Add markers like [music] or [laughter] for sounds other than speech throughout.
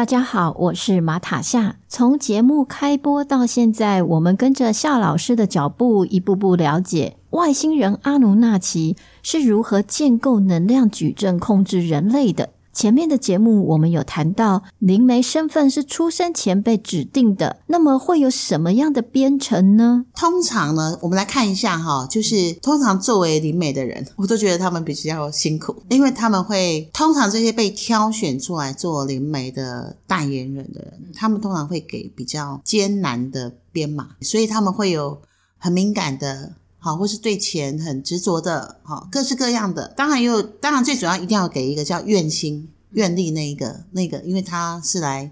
大家好，我是馬塔夏。從節目開播到現在，我們跟着夏老師的腳步，一步步了解外星人阿努納奇是如何建構能量矩陣，控制人類的。前面的節目我們有談到，靈媒身份是出生前被指定的，那麼會有什麼樣的編程呢？通常呢，我們來看一下哈，就是通常作為靈媒的人，我都覺得他們比較辛苦，因為他們會通常這些被挑選出來做靈媒的代言人的人，他們通常會給比較艱難的編碼，所以他們會有很敏感的。好，或是對錢很執着的，好，各式各樣的。當然又當然最主要一定要給一個叫願心願力那個那個，因為他是來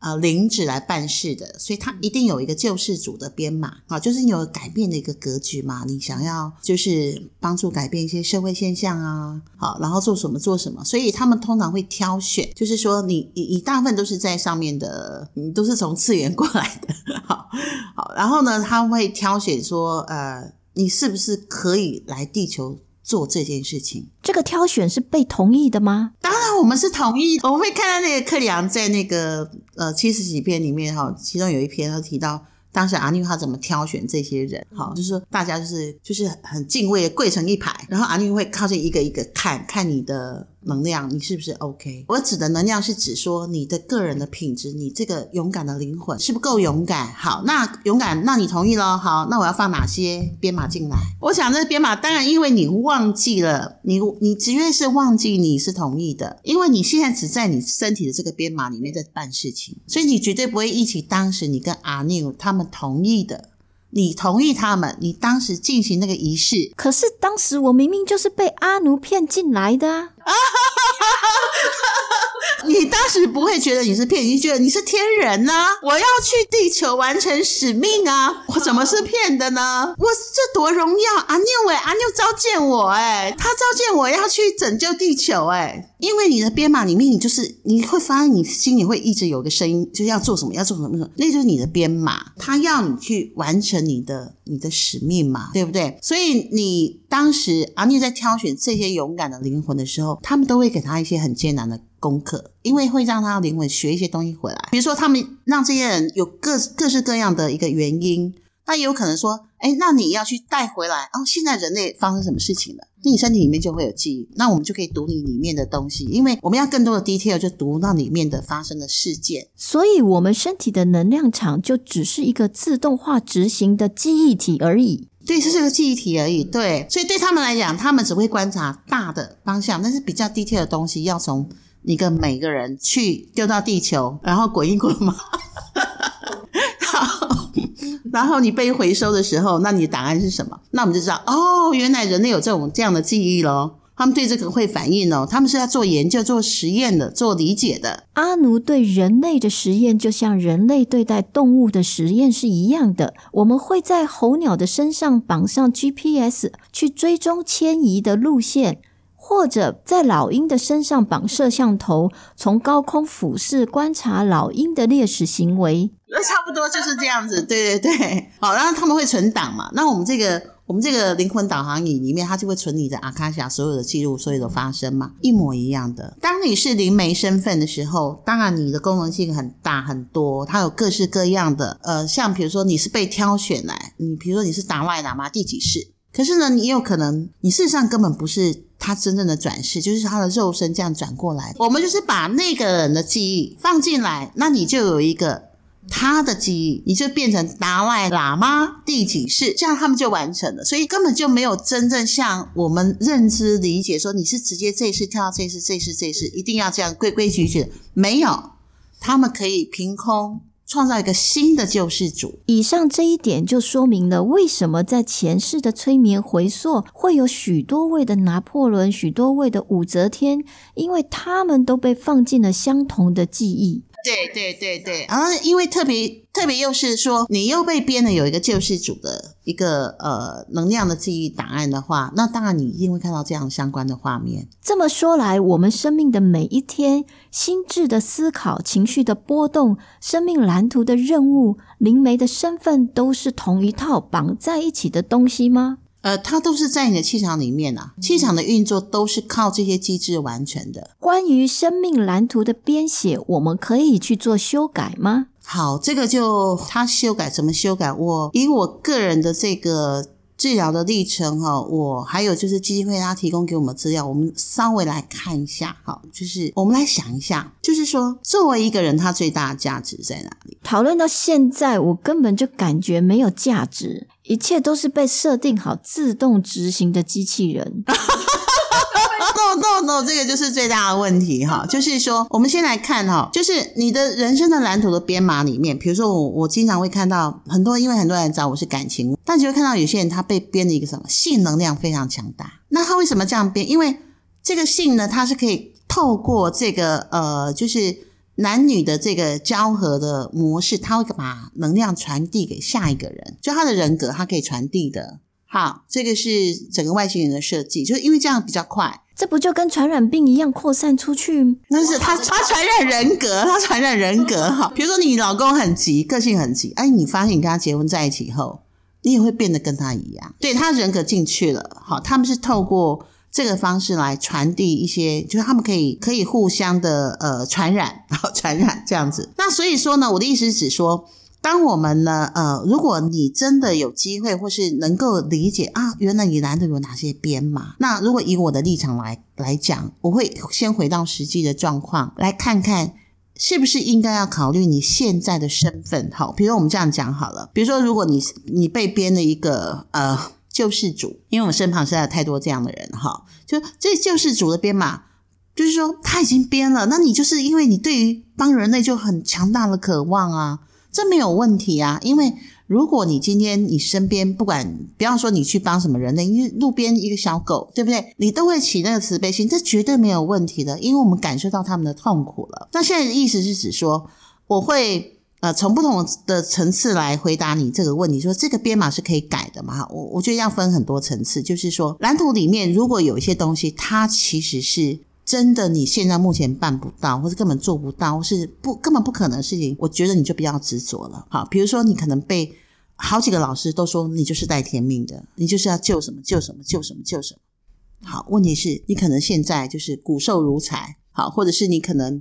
呃領旨來辦事的，所以他一定有一個救世主的編碼啊，就是你有改變的一個格局嘛。你想要就是幫助改變一些社會現象啊，好，然後做什麼做什麼。所以他們通常會挑選，就是說你你大部分都是在上面的，你都是從次元過來的，好，好，然後呢，他會挑選說呃。你是不是可以來地球做這件事情？這個挑選是被同意的嗎？當然，我們是同意。我們會看到那個克里昂在那個呃七十幾篇裡面哈，其中有一篇他提到，當時阿尼他怎麼挑選這些人，哈，就是說大家就是就是很敬畏的，的跪成一排，然後阿尼會靠近一個一個看看你的。能量，你是不是 OK？我指的能量是指說你的個人的品質，你這個勇敢的靈魂是不夠勇敢。好，那勇敢，那你同意咯。好，那我要放哪些編碼進來？我想這編碼，當然，因為你忘記了，你你絕對是忘記你是同意的，因為你現在只在你身體的這個編碼裡面在辦事情，所以你絕對不會憶起當時你跟阿努他們同意的，你同意他們，你當時進行那個儀式。可是當時我明明就是被阿努騙進來的啊！啊！哈哈哈，你當時不會覺得你是騙人，你覺得你是天人啊，我要去地球完成使命啊！我怎麼是騙的呢？我是這多榮耀啊！牛、啊、哎，阿努召見我哎、欸，他召見我要去拯救地球哎、欸！因為你的編碼裡面，你就是你會發現，你心裡會一直有個聲音，就是要做什麼，要做什麼，那那就是你的編碼，他要你去完成你的，你的使命嘛，對不對？所以你當時阿努、啊、在挑選這些勇敢的靈魂的時候，他們都會給他一些很艱難的功課，因為會讓他靈魂學一些東西回來。比如說，他們讓這些人有各各式各樣的一個原因。他也有可能說，誒那你要去帶回來哦。現在人類發生什麼事情了？那你身體裡面就會有記憶，那我們就可以讀你裡面的東西，因為我們要更多的 detail 就讀那裡面的發生的事件。所以，我們身體的能量場就只是一個自動化執行的記憶體而已。對，是這個記憶體而已。對，所以對他們來講，他們只會觀察大的方向，但是比較 detail 的東西要從一個每個人去丟到地球，然後滾一滾嘛。 [laughs] 然後你被回收的時候，那你的答案是什麼？那我們就知道哦，原來人類有這種這樣的記憶咯。他們對這個會反應哦，他們是在做研究、做實驗的、做理解的。阿奴對人類的實驗，就像人類對待動物的實驗是一樣的。我們會在候鳥的身上綁上 GPS 去追蹤遷移的路線，或者在老鷹的身上綁攝像頭，從高空俯視觀察老鷹的獵食行為。那差不多就是這樣子，對對對，好，然後他們會存檔嘛？那我們這個，我們這個靈魂導航儀裡面，它就會存你的阿卡夏所有的記錄，所有的發生嘛，一模一樣的。當你是靈媒身份的時候，當然你的功能性很大很多，它有各式各樣的，呃，像比如說你是被挑選來，你比如說你是達賴喇嘛第幾世，可是呢，你有可能你事實上根本不是他真正的轉世，就是他的肉身這樣轉過來。我們就是把那個人的記憶放進來，那你就有一個。他的記憶，你就變成達賴喇嘛第幾世，這樣他們就完成了。所以根本就沒有真正像我們認知理解說，你是直接這一世跳到這一世，這一世這一世一定要這樣規規矩矩的。沒有，他們可以憑空創造一個新的救世主。以上這一點就說明了為什麼在前世的催眠回溯會有許多位的拿破崙，許多位的武則天，因為他們都被放進了相同的記憶。對對對對，啊，因為特別特別又是說，你又被編了有一個救世主的一個呃能量的記憶檔案的話，那當然你一定會看到這樣相關的畫面。這麼說來，我們生命的每一天、心智的思考、情緒的波動、生命藍圖的任務、靈媒的身份，都是同一套綁在一起的東西嗎？呃，它都是在你的氣場裡面吶、啊，氣場的運作都是靠這些機制完成的。關於生命藍圖的編寫，我們可以去做修改嗎？好，這個就它修改怎麼修改？我以我個人的這個治療的歷程哈、哦，我還有就是基金會它提供給我們資料，我們稍微來看一下。好，就是我們來想一下，就是說作為一個人，他最大的價值在哪裡？討論到現在，我根本就感覺沒有價值。一切都是被設定好、自動執行的機器人。 [laughs] [laughs] no No No，這個就是最大的問題哈。就是說，我們先來看哈，就是你的人生的藍圖的編碼裡面，比如說我，我經常會看到很多，因為很多人找我是感情，但你會看到有些人他被編了一個什麼性能量非常強大。那他為什麼這樣編？因為這個性呢，它是可以透過這個呃，就是。男女的這個交合的模式，他會把能量傳遞給下一個人，就他的人格，他可以傳遞的。好，這個是整個外星人的設計，就因為這樣比較快。這不就跟傳染病一樣擴散出去？那是他他傳染人格，他傳染人格。哈，比如說你老公很急，個性很急，哎，你發現你跟他結婚在一起以後，你也會變得跟他一樣，對，他人格進去了。好，他們是透過。這個方式來傳遞一些，就是他們可以可以互相的呃傳染，然後傳染這樣子。那所以說呢，我的意思是指說，當我們呢呃，如果你真的有機會或是能夠理解啊，原來你男的有哪些編碼。那如果以我的立場來來講，我會先回到實際的狀況，來看看是不是應該要考慮你現在的身份。好、哦，比如我們這樣講好了，比如說如果你你被編了一個呃。救世主，因為我們身旁實在有太多這樣的人哈，就這救世主的編碼，就是說他已經編了，那你就是因為你對於幫人類就很強大的渴望啊，這沒有問題啊，因為如果你今天你身邊不管，不要說你去幫什麼人類，你路邊一個小狗對不對，你都會起那個慈悲心，這絕對沒有問題的，因為我們感受到他們的痛苦了。那現在的意思是指說，我會。呃，從不同的層次來回答你這個問題，說這個編碼是可以改的嘛？我我覺得要分很多層次，就是說藍圖裡面如果有一些東西，它其實是真的，你現在目前辦不到，或是根本做不到，或是不根本不可能的事情。我覺得你就不要執着了。好，比如說你可能被好幾個老師都說你就是帶天命的，你就是要救什麼救什麼救什麼救什麼。好，問題是，你可能現在就是骨瘦如柴，好，或者是你可能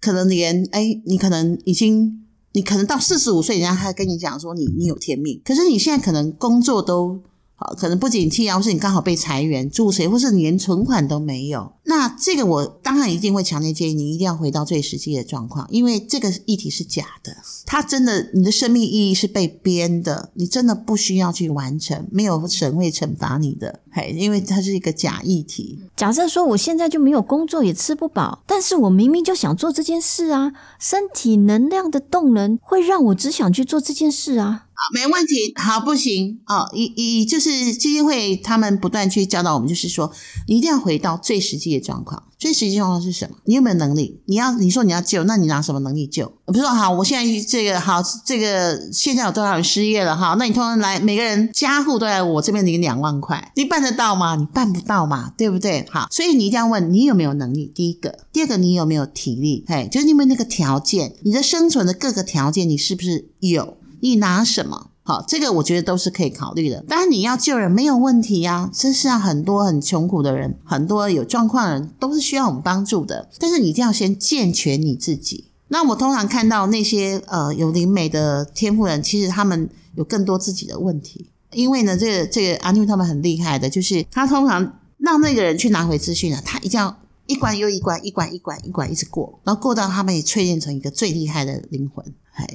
可能連哎，你可能已經。你可能到四十五歲，人家還跟你講說你你有天命，可是你現在可能工作都好，可能不景氣啊，或是你剛好被裁員、住誰，或是你連存款都沒有。那這個我當然一定會強烈建議你一定要回到最實際的狀況，因為這個議題是假的，它真的你的生命意義是被編的，你真的不需要去完成，沒有神會懲罰你的。嘿，因為它是一個假議題。假設說我現在就沒有工作，也吃不飽，但是我明明就想做這件事啊，身體能量的動能會讓我只想去做這件事啊。沒問題，好，不行哦，以以就是基金會他們不斷去教導我們，就是說你一定要回到最實際的狀況。最實際狀況是什麼？你有沒有能力？你要你說你要救，那你拿什麼能力救？比如說，好，我現在這個好，這個現在有多少人失業了？哈，那你突然來，每個人家戶都在我這邊領兩萬塊，你辦得到嗎？你辦不到嘛，對不對？好，所以你一定要問，你有沒有能力？第一個，第二個，你有沒有體力？嘿，就是你有沒有那個條件？你的生存的各個條件，你是不是有？你拿什麼？這個我覺得都是可以考慮的。當然，你要救人沒有問題呀、啊。這世上，很多很窮苦的人，很多有狀況的人，都是需要我們幫助的。但是，你一定要先健全你自己。那我通常看到那些呃有靈媒的天賦人，其實他們有更多自己的問題。因為呢，這個這個阿努他們很厲害的，就是他通常讓那個人去拿回資訊啊，他一定要。一關又一關，一關一關，一關一關，一直過，然後過到他們也淬鍊成一個最厲害的靈魂，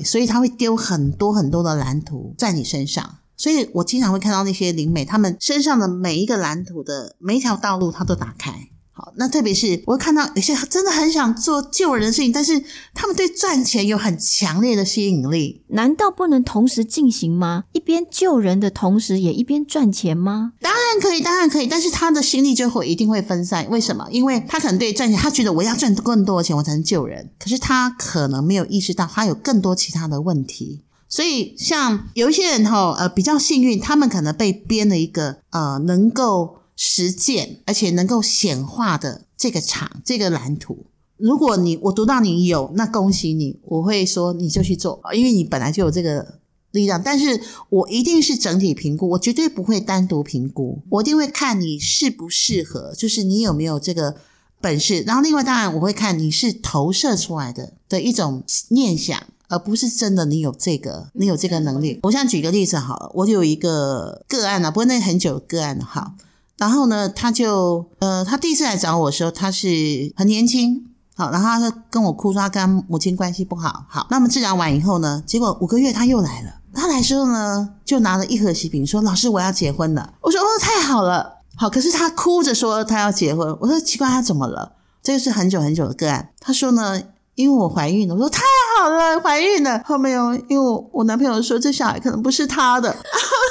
所以他會丟很多很多的藍圖在你身上，所以我經常會看到那些靈媒，他們身上的每一個藍圖的每一條道路，他都打開。好，那特別是我看到有些真的很想做救人的事情，但是他們對賺錢有很強烈的吸引力，難道不能同時進行嗎？一邊救人的同時，也一邊賺錢嗎？當然可以，當然可以，但是他的心力就會一定會分散。為什麼？因為他可能對賺錢，他覺得我要賺更多的錢，我才能救人。可是他可能沒有意識到，他有更多其他的問題。所以，像有一些人哈，呃，比較幸運，他們可能被編了一個呃，能夠。實踐而且能夠顯化的這個場，這個藍圖，如果你我讀到你有，那恭喜你，我會說你就去做，因為你本來就有這個力量。但是我一定是整體評估，我絕對不會單獨評估，我一定會看你適不適合，就是你有沒有這個本事。然後另外當然我會看你是投射出來的的一種念想，而不是真的你有這個你有這個能力。我想舉個例子，好了，我就有一個個案啊，不過那很久個案，啊，好。然後呢，他就呃，他第一次來找我的時候，他是很年輕，好，然後他就跟我哭說他跟母親關係不好，好，那麼治療完以後呢，結果五個月他又來了，他來時候呢，就拿了一盒喜餅說：“老師，我要結婚了。”我說：“哦，太好了，好。”可是他哭着說他要結婚，我說：“奇怪，他怎麼了？”這個是很久很久的個案，他說呢，因為我懷孕了，我說：“太好了，懷孕了。”後面又因為我我男朋友說這小孩可能不是他的，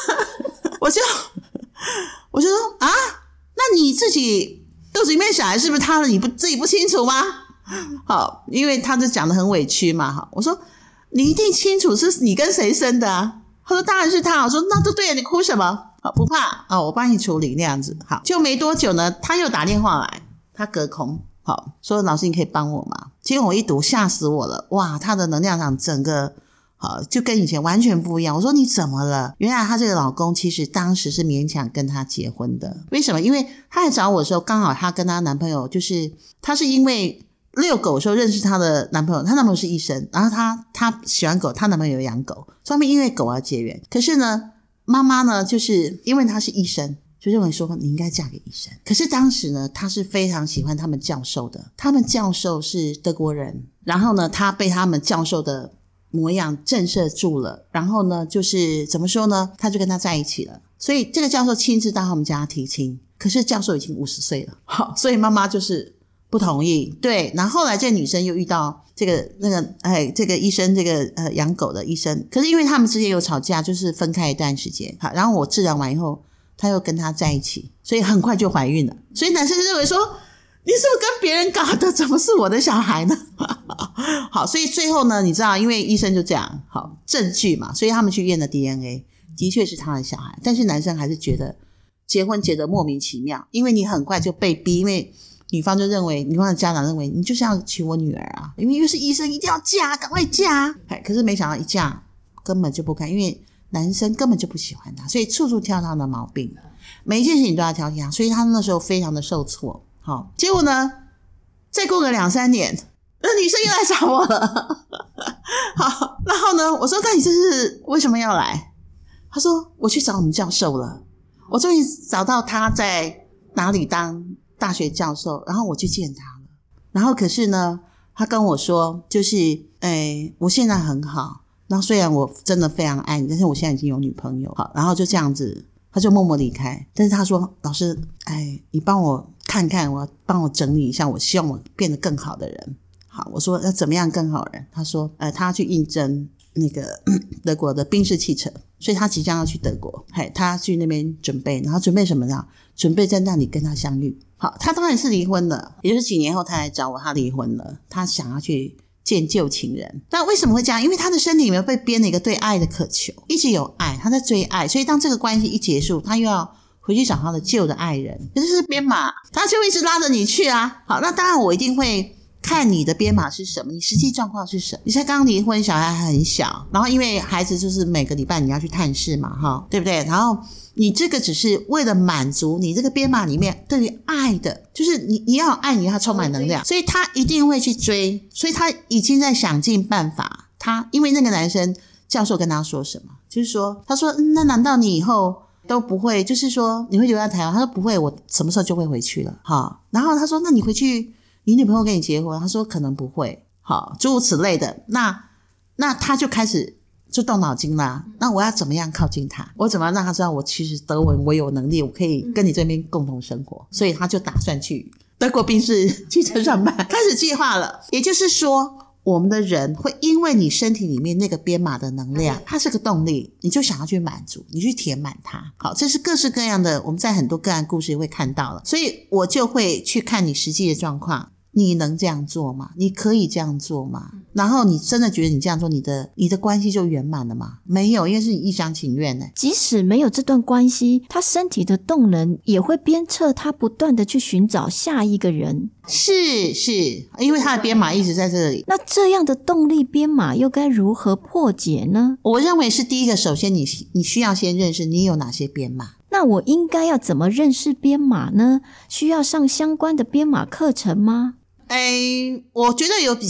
[laughs] 我就。我就說啊，那你自己肚子裡面小孩是不是他的？你不自己不清楚嗎？好，因為他就講得很委屈嘛，好，我說你一定清楚是你跟誰生的啊？他說當然是他。我說那都對呀，你哭什麼？好，不怕啊，哦，我幫你處理那樣子。好，就沒多久呢，他又打電話來，他隔空好說老師，你可以幫我嗎？結果我一讀嚇死我了，哇，他的能量場整個。好，就跟以前完全不一樣。我說你怎麼了？原來她這個老公其實當時是勉強跟她結婚的。為什麼？因為她來找我的時候，剛好她跟她男朋友，就是她是因為遛狗的時候認識她的男朋友，她男朋友是醫生，然後她她喜歡狗，她男朋友養狗，所以因為狗而結緣。可是呢，媽媽呢，就是因為他是醫生，就認為說你應該嫁給醫生。可是當時呢，她是非常喜歡他們教授的，他們教授是德國人，然後呢，她被他們教授的。模樣震懾住了，然後呢，就是怎麼說呢，他就跟她在一起了。所以這個教授親自到他們家提親，可是教授已經五十歲了，好，所以媽媽就是不同意。對，然後後來這個女生又遇到這個那個，哎，這個醫生，這個呃養狗的醫生。可是因為他們之間有吵架，就是分開一段時間。好，然後我治療完以後，他又跟她在一起，所以很快就懷孕了。所以男生就認為說。你是不是跟別人搞的？怎麼是我的小孩呢？哈哈。好，所以最後呢，你知道，因為醫生就這樣，好，證據嘛，所以他們去驗了 DNA，的確是他的小孩。但是男生還是覺得結婚結得莫名其妙，因為你很快就被逼，因為女方就認為，女方的家長認為你就是要娶我女兒啊，因為又是醫生，一定要嫁，趕快嫁。哎，可是沒想到一嫁根本就不敢，因為男生根本就不喜歡他，所以處處挑剔她的毛病，每一件事情都要挑剔他，所以他那時候非常的受挫。好，結果呢？再過個兩三年，那女生又來找我了。 [laughs] 好，然後呢？我說：“那你這是為什麼要來？”他說：“我去找我們教授了。我終於找到他在哪裡當大學教授，然後我去見他了。然後可是呢，他跟我說，就是哎，我現在很好。那雖然我真的非常愛你，但是我現在已經有女朋友。好，然後就這樣子。”他就默默離開，但是他說：“老師，哎，你幫我看看，我要幫我整理一下，我希望我變得更好的人。”好，我說，要怎麼樣更好人？他說：“呃，他要去應徵那個德國的賓士汽車，所以他即將要去德國。他去那邊準備，然後準備什麼呢？準備在那裡跟他相遇。好，他當然是離婚了，也就是幾年後他來找我，他離婚了，他想要去。”見舊情人，那為什麼會這樣？因為他的身體裡面被編了一個對愛的渴求，一直有愛，他在追愛，所以當這個關係一結束，他又要回去找他的舊的愛人，可、就是編碼，他就一直拉着你去啊。好，那當然我一定會。看你的編碼是什麼，你實際狀況是什麼？你才剛離婚，小孩還很小，然後因為孩子就是每個禮拜你要去探視嘛，哈，對不對？然後你這個只是為了滿足你這個編碼裡面對於愛的，就是你要你要愛你，要充滿能量，所以他一定會去追，所以他已經在想盡辦法。他因為那個男生教授跟他說什麼，就是說他說、嗯、那難道你以後都不會？就是說你會留在台灣？他說不會，我什麼時候就會回去了，哈。然後他說那你回去，你女朋友跟你結婚，她說可能不會好，諸如此類的。那那她就開始就動腦筋啦、啊。那我要怎麼樣靠近他？我怎麼讓他知道我其實德文，我有能力，我可以跟你這邊共同生活？嗯、所以他就打算去德國賓士去車上班，開始計劃了。也就是說，我們的人會因為你身體裡面那個編碼的能量，它是個動力，你就想要去滿足，你去填滿它。好，這是各式各樣的，我們在很多個案故事也會看到了。所以我就會去看你實際的狀況。你能這樣做嗎？你可以這樣做嗎？嗯、然後你真的覺得你這樣做，你的你的關係就圓滿了嗎？沒有，因為是你一廂情願呢。即使沒有這段關係，他身體的動能也會鞭策他不斷地去尋找下一個人。是是，是是因為他的編碼一直在這裡。那這樣的動力編碼又該如何破解呢？我認為是第一個，首先你你需要先認識你有哪些編碼。那我應該要怎麼認識編碼呢？需要上相關的編碼課程嗎？哎、欸，我覺得有比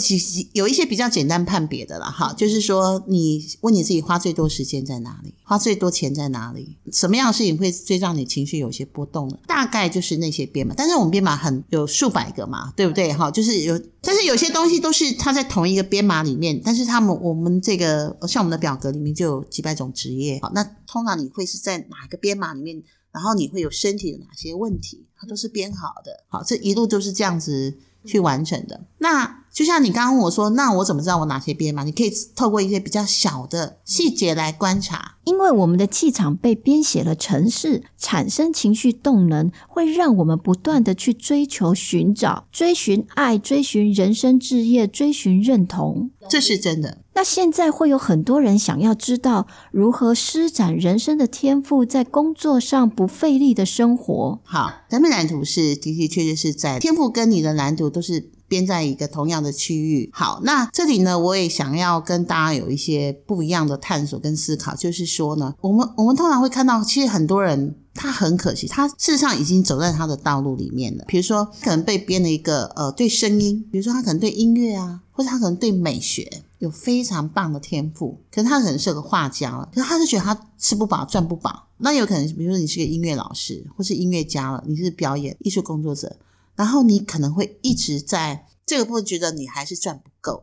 有一些比較簡單判別的啦哈，就是說你問你自己花最多時間在哪裡，花最多錢在哪裡，什麼樣的事情會最讓你情緒有些波動呢？大概就是那些編碼。但是我們編碼很有數百個嘛，對不對？哈，就是有，但是有些東西都是它在同一個編碼裡面，但是他們我們這個像我們的表格裡面就有幾百種職業。好，那通常你會是在哪個編碼裡面？然後你會有身體的哪些問題？它都是編好的。好，這一路都是這樣子。去完成的那。就像你剛剛問我說：“那我怎麼知道我哪些編碼？”你可以透過一些比較小的細節來觀察，因為我們的氣場被編寫了程式，產生情緒動能，會讓我們不斷的去追求、尋找、追尋愛、追尋人生志業、追尋認同，這是真的。那現在會有很多人想要知道如何施展人生的天賦，在工作上不費力的生活。好，咱們藍圖是的的確確是在天賦跟你的藍圖都是。編在一個同樣的區域。好，那這裡呢，我也想要跟大家有一些不一樣的探索跟思考，就是說呢，我們我們通常會看到，其實很多人他很可惜，他事實上已經走在他的道路裡面了。比如說，他可能被編了一個呃，對聲音，比如說他可能對音樂啊，或者他可能對美學有非常棒的天賦，可是他可能是有個畫家了，可是他是覺得他吃不飽，賺不飽。那有可能，比如說你是個音樂老師，或是音樂家了，你是表演藝術工作者。然後你可能會一直在這個部分覺得你還是賺不夠，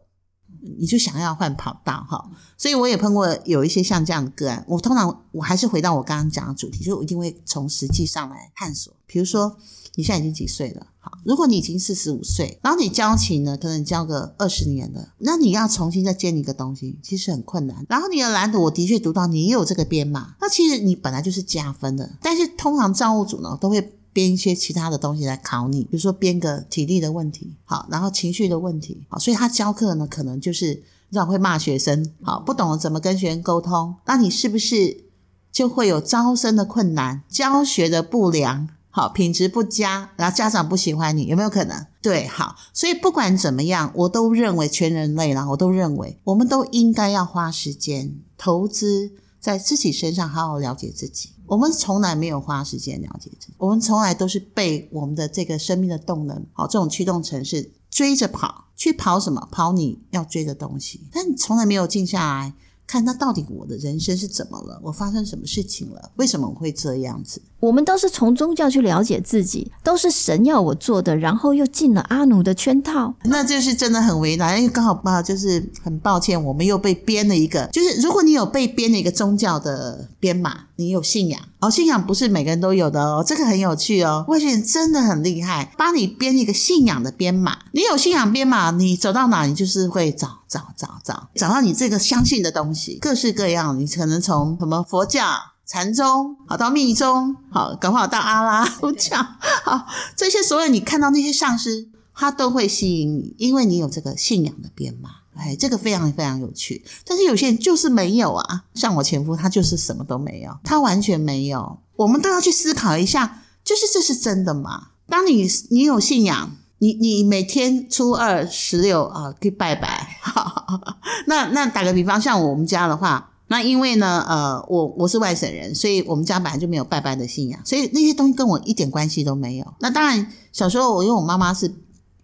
你就想要換跑道哈。所以我也碰過有一些像這樣的個案。我通常我還是回到我剛剛講的主題，就我一定會從實際上來探索。比如說，你現在已經幾歲了？哈，如果你已經四十五歲，然後你交情呢，可能交個二十年了，那你要重新再建一個東西，其實很困難。然後你的藍圖，我的確讀到你也有這個編碼，那其實你本來就是加分的，但是通常造物主呢都會。編一些其他的東西來考你，比如說編個體力的問題，好，然後情緒的問題，好，所以他教課呢，可能就是讓會罵學生，好，不懂得怎麼跟學生溝通，那你是不是就會有招生的困難、教學的不良，好，品質不佳，然後家長不喜歡你，有沒有可能？對，好，所以不管怎麼樣，我都認為全人類啦，我都認為，我們都應該要花時間投資。在自己身上好好了解自己。我們從來沒有花時間了解自己，我們從來都是被我們的這個生命的動能，好，這種驅動程式追着跑，去跑什麼？跑你要追的東西，但從來沒有靜下來看，那到底我的人生是怎麼了？我發生什麼事情了？為什麼會這樣子？我們都是從宗教去了解自己，都是神要我做的，然後又進了阿努的圈套，那就是真的很為難。因為剛好吧，就是很抱歉，我們又被編了一個。就是如果你有被編了一個宗教的編碼，你有信仰，哦，信仰不是每個人都有的哦，這個很有趣哦。外星人真的很厲害，幫你編一個信仰的編碼，你有信仰編碼，你走到哪你就是會找找找找找，找到你這個相信的東西，各式各樣，你可能從什麼佛教。禪宗好，到密宗好，趕快到阿拉都講好，這些所有你看到那些上師，他都會吸引你，因為你有這個信仰的編碼。哎，這個非常非常有趣。但是有些人就是沒有啊，像我前夫，他就是什麼都沒有，他完全沒有。我們都要去思考一下，就是這是真的嗎？當你你有信仰，你你每天初二十六啊給拜拜。好好那那打個比方，像我們家的話。那因為呢，呃，我我是外省人，所以我們家本來就沒有拜拜的信仰，所以那些東西跟我一點關係都沒有。那當然，小時候我因為我媽媽是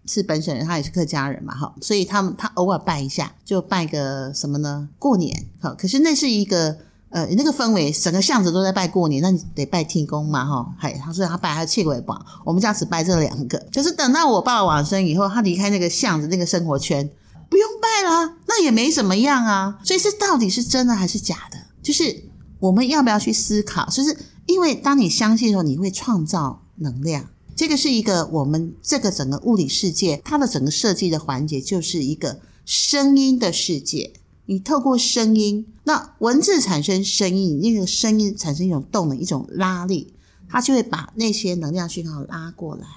是本省人，她也是客家人嘛，哈、哦，所以她她偶爾拜一下，就拜個什麼呢？過年，哈、哦，可是那是一個呃那個氛圍，整個巷子都在拜過年，那你得拜天公嘛，哈、哦，還她說她拜，她氣七不好，我們家只拜這兩個。就是等到我爸爸往生以後，她離開那個巷子那個生活圈。不用拜了，那也沒怎麼樣啊。所以這到底是真的還是假的？就是我們要不要去思考？就是因為當你相信的時候，你會創造能量。這個是一個我們這個整個物理世界它的整個設計的環節，就是一個聲音的世界。你透過聲音，那文字產生聲音，那個聲音產生一種動能，一種拉力，它就會把那些能量訊號拉過來。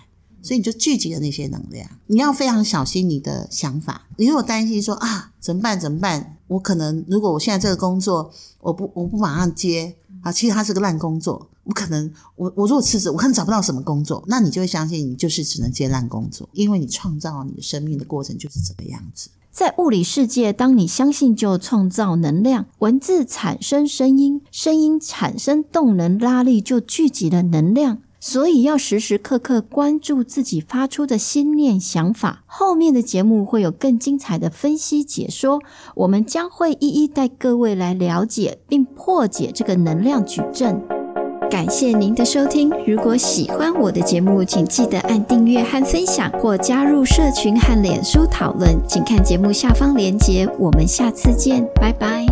所以你就聚集了那些能量。你要非常小心你的想法，你如果擔心說啊，怎麼辦？怎麼辦？我可能如果我現在這個工作，我不我不馬上接啊，其實它是個爛工作。我可能我我如果辭職，我可能找不到什麼工作，那你就會相信你就是只能接爛工作，因為你創造你的生命的過程就是這個樣子。在物理世界，當你相信就創造能量，文字產生聲音，聲音產生動能拉力，就聚集了能量。所以要時時刻刻關注自己發出的心念想法。後面的節目會有更精彩的分析解說，我們將會一一帶各位來了解並破解這個能量矩陣。感謝您的收聽，如果喜歡我的節目，請記得按訂閱和分享，或加入社群和臉書討論。請看節目下方連結，我們下次見，拜拜。